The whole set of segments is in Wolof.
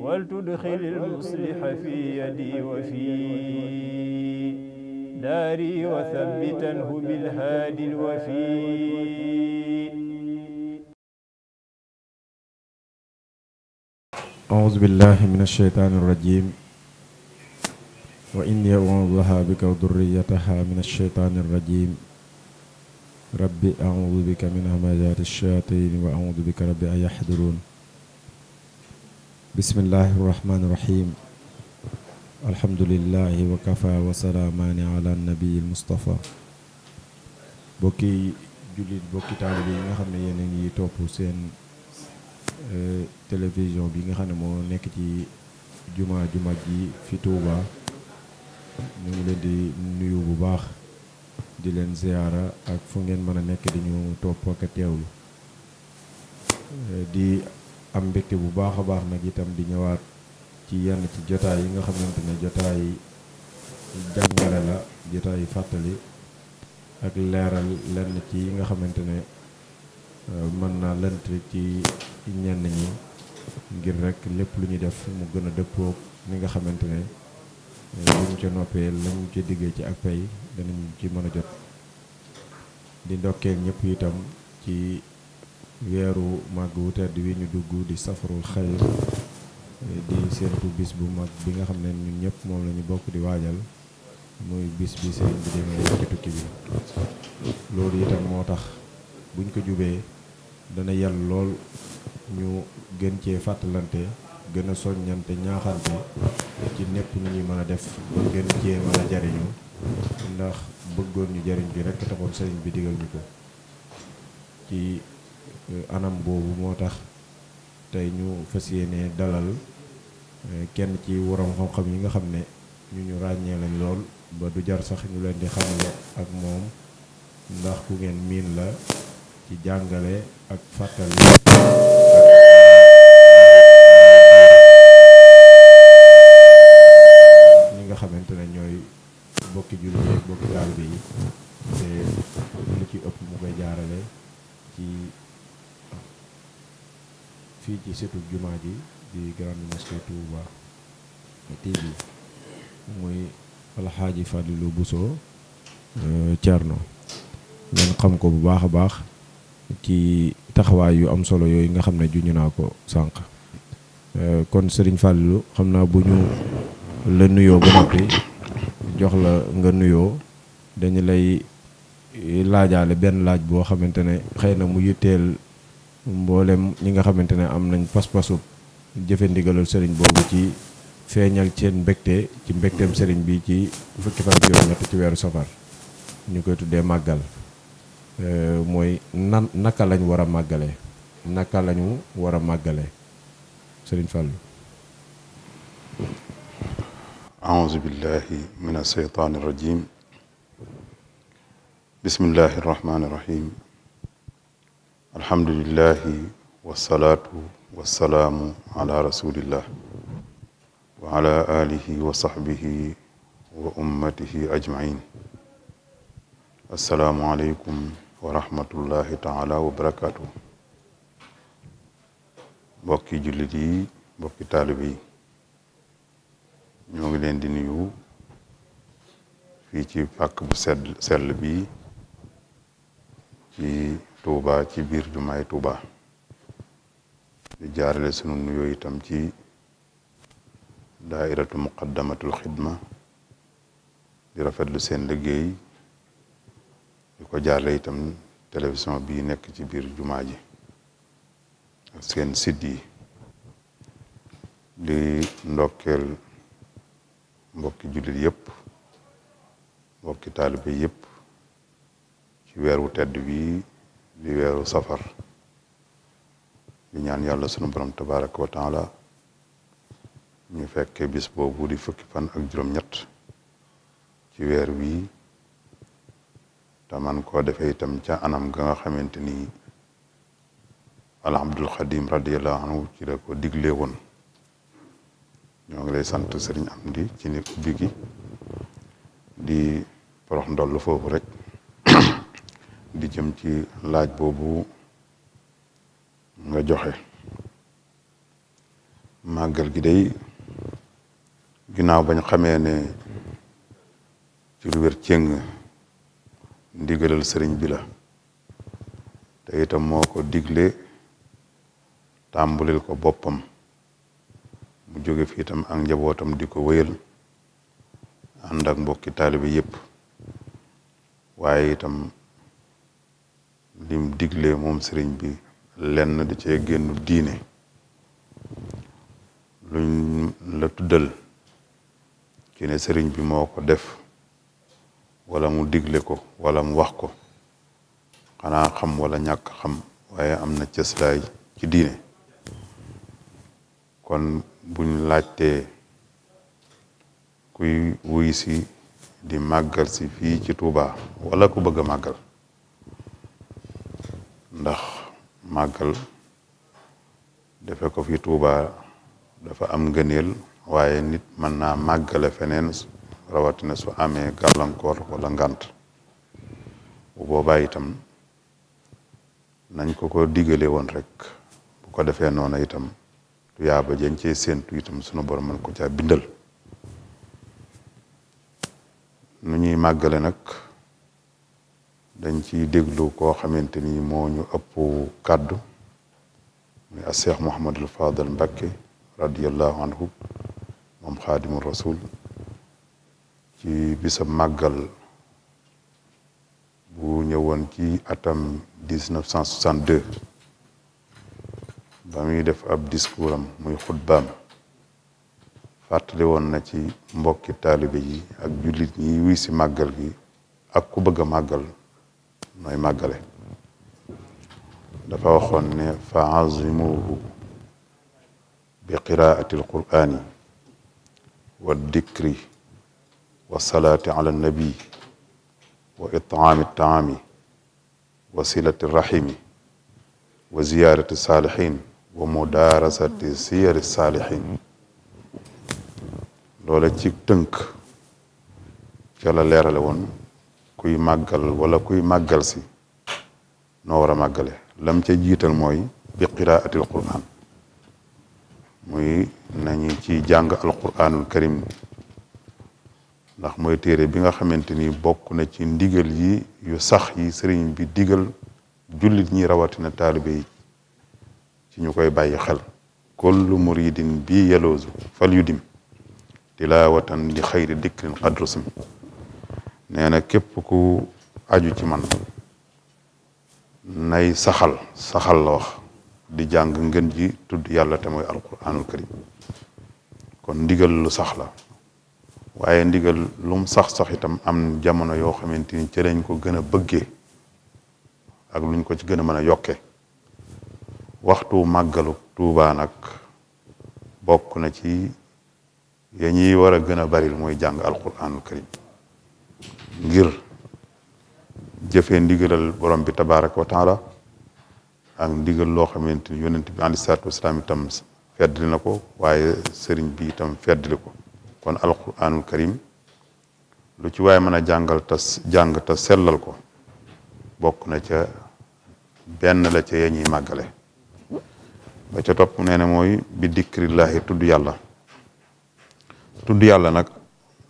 ولتدخل المصلح في يدي وفي داري وثبتنه بالهادي الوفي أعوذ بالله من الشيطان الرجيم وإني أعوذها بك وذريتها من الشيطان الرجيم ربي أعوذ بك من همزات الشياطين وأعوذ بك ربي أن يحضرون bismillahi irrahmani irrahim alhamdulilahi wa kafa wa salaamaani ala nabiyi mustafa bokki jullit bokki taalibe yi nga xam ne yéen a ngi topp seen euh, télévision bi nga xam ne moo nekk ci jumaa ju mag ji fi Touba ñu ngi leen di nuyu bu baax di leen ziyaara ak fu ngeen mën a nekk di ñu topp ak teewlu euh, di am mbégte bu baax a baax nag itam di ñëwaat ci yenn ci jotaay yi nga xamante ne jotaay jàngale la jotaay fàttali ak leeral lenn ci yi nga xamante ne euh, mën naa lënt ci ñenn ñi ngir rek lépp lu ñu def mu gën a dëppoog ni nga xamante ne euh, buñ ca noppee lañu ca diggee ci ak pay danañ ci mën a jot di ndokkeel ñëpp itam ci weeru màgg wu tedd wi ñu dugg di safaru xayr di séentu bis bu mag bi nga xam ne ñun ñëpp moom la ñu bokk di waajal mooy bis bi sëriñ bi demee ci tukki bi loolu itam moo tax buñ ko jubee dana yal lool ñu gën cee fàttalante gën a soññante ñaaxante ci népp nu ñuy mën a def ba gën cee mën jariñu ndax bëggoon ñu jariñ bi rekk taxoon sëriñ bi digal ñu ko ci Euh, anam boobu moo tax tey ñu fas yéene dalal euh, kenn ci waram xam-xam yi nga xam ne ñu ñu ràññee lañ lool ba du jar sax ñu leen di xamle ak moom ndax ku ngeen miin la ci jàngale ak fàttali ñi nga xamante ne ñooy bokki jullit yi bokki taalibe yi te li ci ëpp mu koy jaarale ci fii ci setul juma ji di grande mosquée Touba TV muy alxaaji Fadilou Bousso euh, Thierno ngeen xam ko bu baax a baax ci taxawaay yu am solo yooyu nga xam ne juñu naa ko sànq euh, kon sëriñ Fadilou xam naa bu ñu la nuyoo ba noppi jox la nga nuyoo dañu lay laajaale benn laaj boo xamante ne xëy mu yitteel mboolem ñi nga xamante ne am nañ pas-pasu jëfe ndigalal sëriñ boobu ci feeñal seen mbégte ci mbégteem sëriñ bi ci fukki fan juróom-ñett ci weeru safar ñu koy tuddee màggal euh, mooy nan naka lañ war a màggale naka lañu war a màggale sëriñ Fàllu aouzu billahi min alsheytaan irrajim bismillahi arrahmani irrahim alhamdulillahi wasalaatu wasalaamu ala rasulillah wa ala alihi wa sahbihi wa ummatihi ajmain assalaamu aleykum wa rahmatullahi taala wa barakaatu mbokki jullit yi mbokki taalibe yi ñoo ngi leen di nuyu fii ci pàkk bu sell sell bi ci Touba ci biir jumaay Touba di jaarale sunu nuyoo itam ci daairatu muqaddamatul xidma di rafetlu seen liggéey di ko jaarale itam télévision bi nekk ci biir jumaa ji seen site di ndokkeel mbokki jullit yépp mbokki taalibe yépp ci weeru tedd wi di weeru safar di ñaan yàlla sunu borom tabaraka wa taala ñu fekke bis boobu di fukki fan ak juróom-ñett ci weer wii te man koo defee itam ca anam ga nga xamante ni alhamdul xadim radiallahu anhu ci la ko digle woon ñoo ngi lay sant sëriñ am ci ni ubbi gi di porox ndoll foofu rek di jëm ci laaj boobu nga joxe màggal gi day ginnaaw bañ xamee ne ci lu ndigalal sëriñ bi la te itam moo ko digle tàmbulil ko boppam mu jóge fi itam ak njabootam di ko wéyal ànd ak mbokki taalibe yépp waaye itam lim digle moom sëriñ bi lenn da ce génn diine lu latudal tuddal ki sëriñ bi moo ko def wala mu digle ko wala mu wax ko xanaa xam wala ñàkk xam waaye am na cëslaay ci diine kon buñ laajtee kuy wuy si di màggal si fii ci Tuuba wala ku bëgg a màggal ndax màggal defe ko fi Tuuba dafa am ngëneel waaye nit mën naa màggale feneen rawatina su amee gàllankoor wala ngànt bu boobaa itam nañ ko ko digale woon rek bu ko defee noona itam tuyaaba jën cee séentu itam sunu borom mën ko caa bindal nu ñuy màggale nag dañ ci déglu koo xamante ni moo ñu ëpp kàddu muy a Cheikh Mouhamadul Fadal Mbakke radiallahu anhu moom xaadimu rasul ci bisa màggal bu ñëwoon ci atam dix neuf ba muy def ab discours am muy xutbaam fàttali woon na ci mbokki taalibe yi ak jullit ñi wuy si màggal gi ak ku bëgg a màggal nooy màggale dafa waxoon ne fa azimuhu bi qiraati alqurani wa dikri wa salaati ala annabi wa it'aami taami wa silati rahimi wa ziyaarati saalihin wa mudaarasati siyari saalihin loola ci tënk ca la leerale woon kuy màggal wala kuy màggal si noo war a màggale lam ca jiital mooy bi qiraatil quraan muy nañu ci jàng alquraanul karim ndax mooy téere bi nga xamante ni bokk na ci ndigal yi yu sax yi sëriñ bi digal jullit ñi rawatina taalibe yi ci ñu koy bàyyi xel kullu muridin bi yaloosu fal yu dim tilawatan li xayri dikrin qadrusim nee na képp ku aju ci man nay saxal saxal la wax di jàng ngën ji tudd yàlla te mooy alquranul karim kon ndigal lu sax la waaye ndigal lum sax-sax itam am jamono yoo xamante ni ci lañ ko gën a bëggee ak luñ ko ci gën a mën a yokke waxtu màggalu tuubaa nag bokk na ci ya ñuy war a gën a baril mooy jàng alquranul karim ngir jëfee ndigalal borom bi tabaaraka wa taala ak ndigal loo xamante ni yonent bi alayhi salaatu itam feddli na ko waaye sëriñ bi itam feddli ko kon alquranul karim lu ci waaye mën a jàngal te sellal ko bokk na ca benn la ca yee ñuy màggale ba ca topp nee na mooy bi dikrillaahi tudd yàlla tudd yàlla nag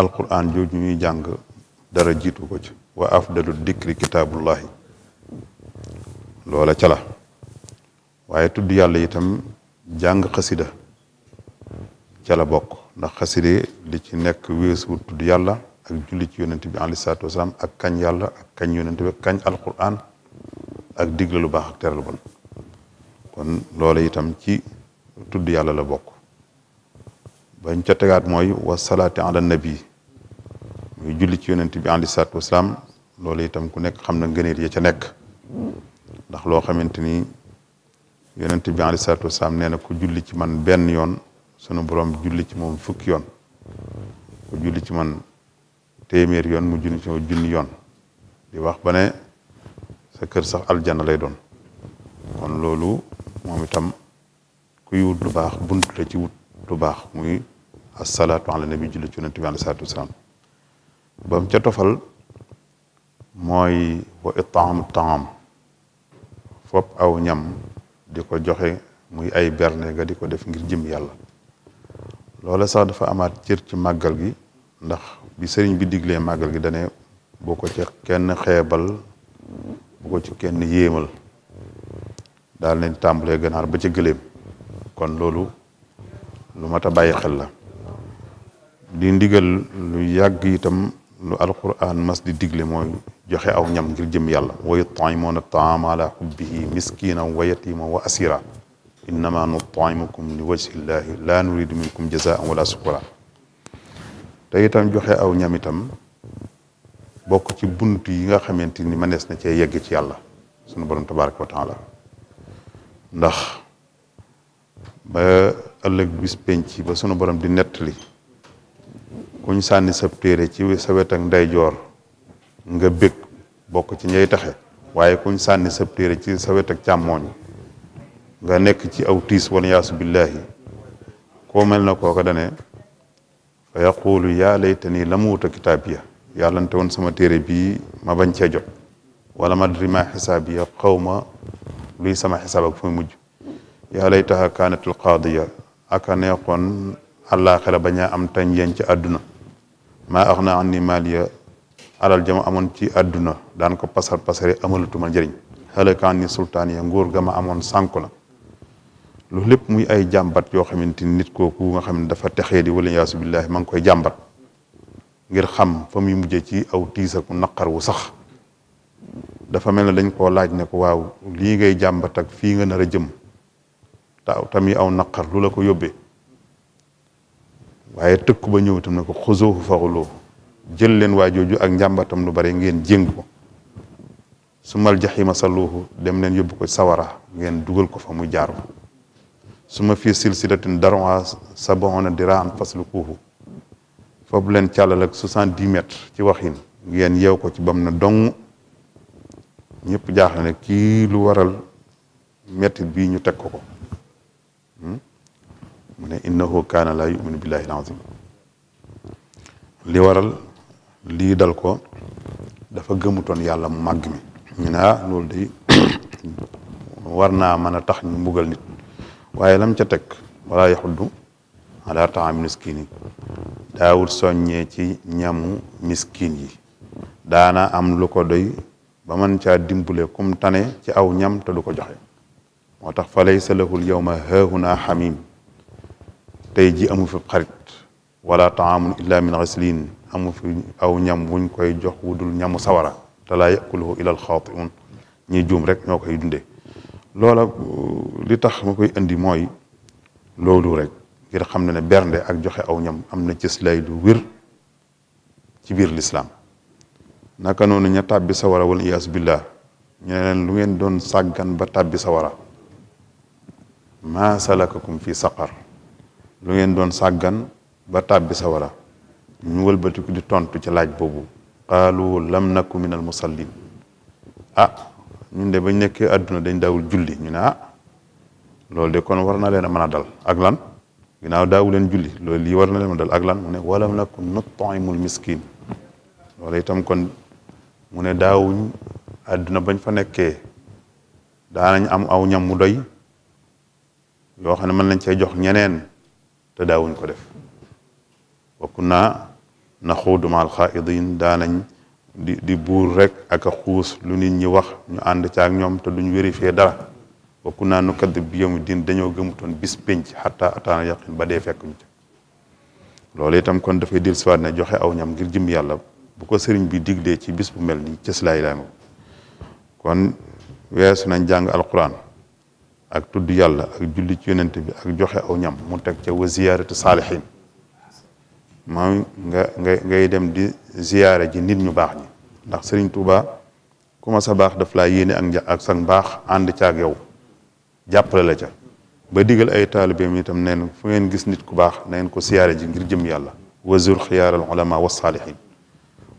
alquran jooju ñuy jàng dara jiitu ko ci wa afdalu dikri kitaabullahi loola ca la waaye tudd yàlla itam jàng xasida ca la bokk ndax xasida li ci nekk weesu tudd yàlla ak julli ci yonent bi alei salaatu wasalaam ak kañ yàlla ak kañ yonent bi kañ alquran ak digle lu baax ak teral bon kon loola itam ci tudd yàlla la bokk bañ ca tegaat mooy wasalaati ala nabi muy julli ci yonent bi andi salaatu wasalaam loolu itam ku nekk xam na ngëneel ya ca nekk ndax loo xamante ni yonent bi andi salaatu wasalaam nee na ku julli ci man benn yoon sunu borom julli ci moom fukki yoon ku julli ci man téeméer yoon mu junni ci moom yoon di wax ba ne sa kër sax aljana lay doon kon loolu moom itam kuy wut lu baax bunt ci wut lu baax muy asalaatu ala nabi julli ci yonent bi andi salaatu wasalaam ba mu ca tofal mooy wa itaamu taam fop aw ñam di ko joxe muy ay berne nga di ko def ngir jëm yàlla loola sax dafa amaat cër ci màggal gi ndax bi sëriñ bi diglee màggal gi dane boo ko ci kenn xeebal bu ko ci kenn yéemal daal nañ tàmbule ganaar ba ca gëléem kon loolu lu mat a bàyyi xel la di ndigal lu yàgg itam lu alquran mas di digle mooy joxe aw ñam ngir jëm yàlla wa yut'imuna at-ta'ama ala hubbihi miskinan wa yatiman wa asira innama nut'imukum li wajhi llahi la nuridu minkum jazaan wala shukura te itam joxe aw ñam itam bokk ci bunt yi nga xamante ni mënees na cee yegg ci yàlla sunu borom tabaraka wa taala ndax ba ëllëg bis penc ba sunu borom di nettali kuñ sànni sab téere ci sa wet nga bég bokk ci ñay taxe waaye kuñ sànni sab téere ci sa wet càmmooñ nga nekk ci aw tiis wan yaasu billaahi koo mel na kooka dane fa yaqulu yaa laytani lam wuta kitaabiya sama téere bi ma bañ cee jot wala ma adri ma xaw ma luy sama xisaab ak fu muy mujj yaa laytaha kaanatil qaadiya aka neexoon àllaaxira bañaa am tañ yeen ci àdduna maa ax naa an ni maaliya alal jama amoon ci àdduna daan ko pasar pasare amalatuma njëriñ xalakaan ni sultaan ya nguur ga ma amoon sànku na loolu lépp muy ay jàmbat yoo xamante ni nit kooku nga xam ne dafa texee di wala yaasu billaahi ma ngi koy jàmbat ngir xam fa muy mujje ci aw tiis ak naqar wu sax dafa mel ne dañ koo laaj ne ko waaw lii ngay jàmbat ak fii nga nar a jëm te tamit aw naqar lu la ko yóbbee waaye tëkku ba ñëw itam ne ko xuzuuhu faxuluuhu jël leen waa jooju ak njàmbatam lu bari ngeen jéng ko sumal jaxiima salluuhu dem leen yóbbu ko sawara ngeen dugal ko fa mu jaaru su ma fii silsilatin daroa saboona diraan faslukuuhu foofu leen càllal ak soixante-dix mètres ci waxin ngeen yeew ko ci bam na dong ñëpp jaaxle ne kii lu waral metit bi ñu teg ko ko ne innahu kaana laa yuminu billahi alazim li waral lii dal ko dafa gëmutoon yàlla mu màgg mi ñu ne ah, loolu day war naa mën a tax ñu mbugal nit waaye lam ca teg wala yaxuddu ala taami miskin yi daawut soññee ci ñamu miskin yi daana am lu ko doy ba mën ca dimbale kum tane ci aw ñam te du ko joxe moo tax fa laysa lahu l yawma xamim tey ji amu fi xarit wala taamun illa min ghislin amu fi aw ñam wuñ koy jox wudul ñamu sawara te laa yakuluhu illa alxaatiun ñi juum rek ñoo koy dunde loola li tax ma koy indi mooy loolu rek ngir xam ne ne bernde ak joxe aw ñam am na cëslay lu wér ci biir lislaam naka noonu ña tàbbi sawara wala iyaas billah ñu ne lu ngeen doon sàggan ba tàbbi sawara maa salakakum fi saqar lu ngeen doon sàggan ba tàbbi sawara ñu wëlbatiku di tontu ci laaj boobu qaalu lam naku min al musallin ah ñun de bañ nekkee àdduna dañ daawul julli ñu ne ah loolu de kon war na leen a mën a dal ak lan ginnaaw daawu leen julli loolu lii war na leen a dal ak lan mu ne walam naku nut'imul miskin loolu itam kon mu ne daawuñ àdduna bañ fa nekkee daanañ am aw ñam doy yoo xam ne mën nañ cee jox ñeneen te daawuñ ko def wa kunna naxuudu maal xaaidin daanañ di di buur rek ak a xuus lu nit ñi wax ñu ànd caag ñoom te duñ vérifié dara wa kunna nukaddib bi yawmi diin dañoo gëmutoon bis pénc xataa ataana yaqin ba dee fekk ñu ca loolu itam kon dafay dil siwaat joxe aw ñam ngir jëm yàlla bu ko sëriñ bi digle ci bis bu mel ni cës laay laay kon weesu nañ jàng alquran ak tudd yàlla ak julli ci yonent bi ak joxe aw ñam mu teg ca wa ziyaaratu saalihin maam nga ngay dem di ziyaare ji nit ñu baax ndax sëriñ Touba ku sa baax daf laa yéene ak ak sa baax ànd caag yow jàppale la ca ba digal ay taalibeem itam neen fu ngeen gis nit ku baax neen ngeen ko siyaare ji ngir jëm yàlla wazur xiyaar al ulama wa saalihin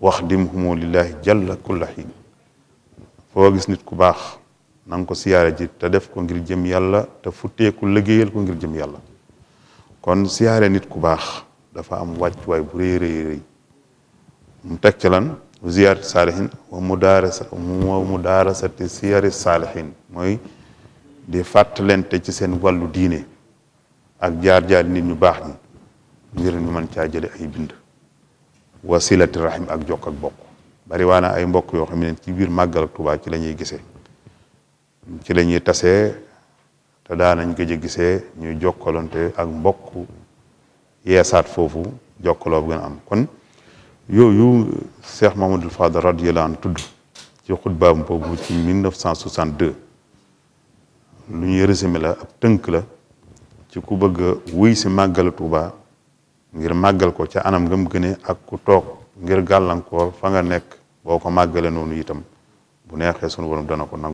wax dim humu lillahi jalla kulla foo gis nit ku baax na ko siyaare ji te def ko ngir jëm yàlla te futteeku liggéeyal ko ngir jëm yàlla kon siyaare nit ku baax dafa am wàccuwaay bu rëy rëy rëy mu teg ci lan ziyaarati saalihin wa mudaarasa wa mudaarasati siyari saalihin mooy di fàttalente ci seen wàllu diine ak jaar-jaar nit ñu baax ñi ngir ñu mën caa jële ay bind wasilati rahim ak jok ak bokk bari waana ay mbokk yoo xam ne ci biir màggal ak Tuubaa ci la ñuy gisee ci la ñuy tasee te daanañ ko ji gisee ñuy jokkalante ak mbokk yeesaat foofu jokkaloo bu am kon yooyu Cheikh Mamadou Fadal radiyallahu anhu tudd ci xutbaam boobu ci 1962 lu ñuy résumé la ab tënk la ci ku bëgg a wuy si màggalu Tuuba ngir màggal ko ca anam ngam gëne ak ku toog ngir gàllankoor fa nga nekk boo ko màggale noonu itam bu neexee sunu borom dana ko nangu